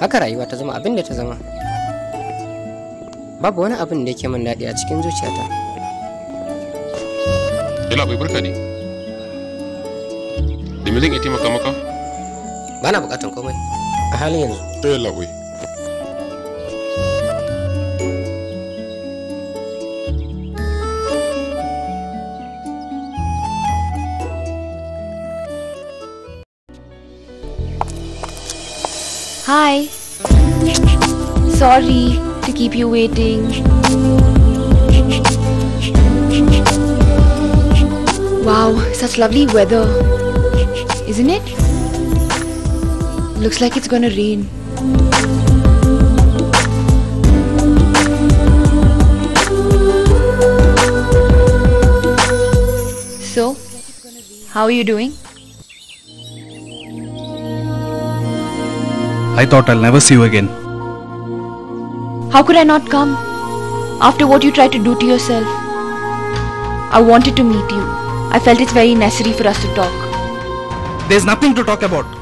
haka rayuwa ta zama abin da ta zama babu wani abin da yake min daɗi a cikin zuciyata yana bai burka ne da me zan iya taimaka maka ba na bukatan komai a halin yanzu eh labai Hi. Sorry to keep you waiting. Wow, such lovely weather. Isn't it? Looks like it's gonna rain. So, how are you doing? I thought I'll never see you again. How could I not come? After what you tried to do to yourself. I wanted to meet you. I felt it's very necessary for us to talk. There's nothing to talk about.